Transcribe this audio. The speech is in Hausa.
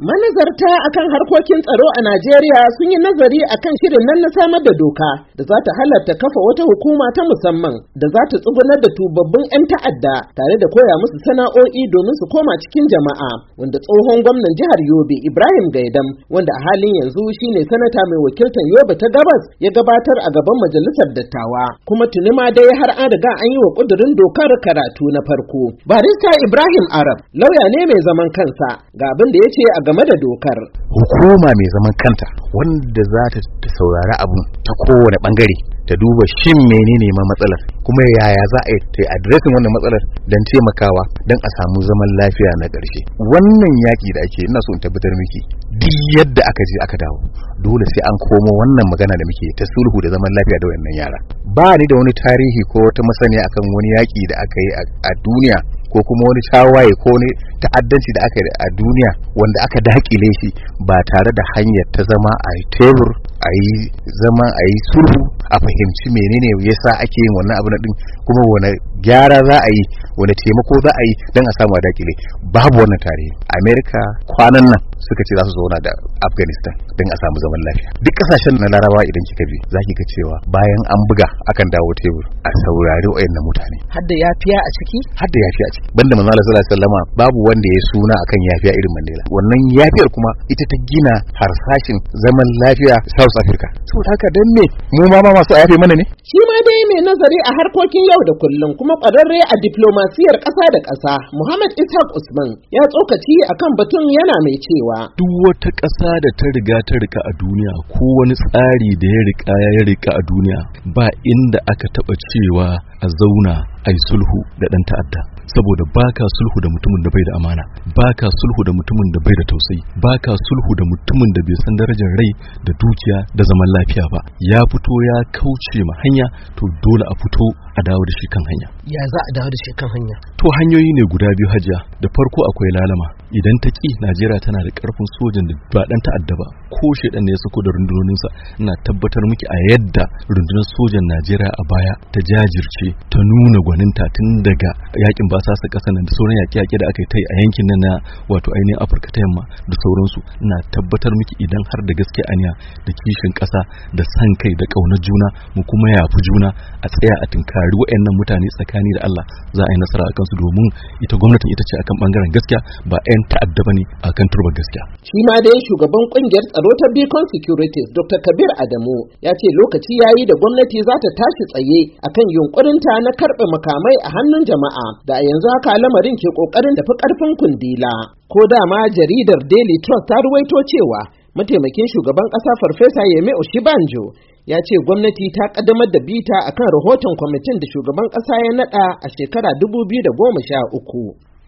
Manazarta akan harkokin tsaro a Najeriya sun yi nazari akan shirin nan na samar da doka da za ta halarta kafa wata hukuma ta musamman da za ta tsugunar da tubabbin 'yan ta'adda tare da koya musu sana'o'i domin su koma cikin jama'a wanda tsohon gwamnan jihar Yobe Ibrahim Gaidam wanda a halin yanzu shine sanata mai wakiltar Yobe ta Gabas ya gabatar a gaban majalisar dattawa kuma tuni ma dai har an riga an yi wa kudurin dokar karatu na farko. Barista Ibrahim Arab lauya ne mai zaman kansa ga abin da ya ce a game da dokar hukuma mai zaman kanta wanda za ta saurari abu ta kowane bangare ta duba shin menene ma matsalar kuma yaya za a yi adresin wannan matsalar don taimakawa don a samu zaman lafiya na ƙarshe wannan yaƙi da ake ina so in tabbatar miki duk yadda aka je aka dawo dole sai an komo wannan magana da muke ta sulhu da zaman lafiya da wannan yara ba ni da wani tarihi ko wata masaniya akan wani yaƙi da aka yi a duniya ko kuma wani tawaye ko wani ta'addanci da aka yi a duniya wanda aka dakile shi ba tare da hanyar ta zama a yi tebur a yi zama a yi sulhu a fahimci menene ya sa ake yin wannan abu na din kuma wani gyara za a yi wani taimako za a yi don a samu dakile babu wannan tarihi Amerika kwanan nan suka ce za su zauna da afghanistan don a samu zaman lafiya duk kasashen na larabawa idan kika bi za ki ga cewa bayan an buga akan dawo tebur a saurari na mutane hadda yafiya a ciki hadda yafiya a ciki banda manzo Allah sallallahu alaihi wasallama babu wanda ya suna akan yafiya irin Mandela wannan yafiyar kuma ita ta gina harsashin zaman lafiya South Africa saboda haka dan ne mu ma ma kuna so a yafe mana ne shi ma dai mai nazari a harkokin yau da kullum kuma kwararre a diplomasiyar ƙasa da ƙasa Muhammad Ishaq Usman ya tsokaci a kan batun yana mai cewa duk wata ƙasa da ta riga ta rika a duniya ko wani tsari da ya rika ya rika a duniya ba inda aka taɓa cewa a zauna a yi sulhu da ɗan ta'adda saboda baka sulhu da mutumin da bai da amana baka sulhu da mutumin da bai da tausayi baka sulhu da mutumin da bai san darajar rai da dukiya da zaman lafiya ba ya fito ya kauce ma hanya to dole a fito a dawo da shi kan hanya ya za a dawo da shi kan hanya to hanyoyi ne guda biyu hajiya da farko akwai lalama idan ta ki Najeriya tana da karfin sojin da ba dan ta'adda ba ko shedan ne ya sako da rundunoninsa ina tabbatar miki a yadda rundunar sojan Najeriya a baya ta jajirce ta nuna gwaninta tun daga yakin basasa kasan nan da sauran yaƙe-yaƙe da aka yi a yankin nan na wato ainihin Afirka ta yamma da sauransu ina tabbatar miki idan har da gaske aniya da kishin ƙasa da san kai da ƙaunar juna mu kuma yafi juna a tsaya a tinkari waɗannan mutane tsakani da Allah za a yi nasara a kansu domin ita gwamnatin ita ce akan bangaren gaskiya ba 'yan 'yan ta'adda a kan turba gaskiya shi ma dai shugaban kungiyar tsaro ta Beacon Securities Dr. Kabir Adamu ya ce lokaci ya yi da gwamnati za ta tashi tsaye a kan yunkurinta na karɓe makamai a hannun jama'a da a yanzu haka lamarin ke ƙoƙarin tafi karfin kundila ko da ma jaridar Daily Trust ta ruwaito cewa mataimakin shugaban ƙasa farfesa Yemi Oshibanjo ya ce gwamnati ta kaddamar da bita akan rahoton kwamitin da shugaban ƙasa ya nada a shekara 2013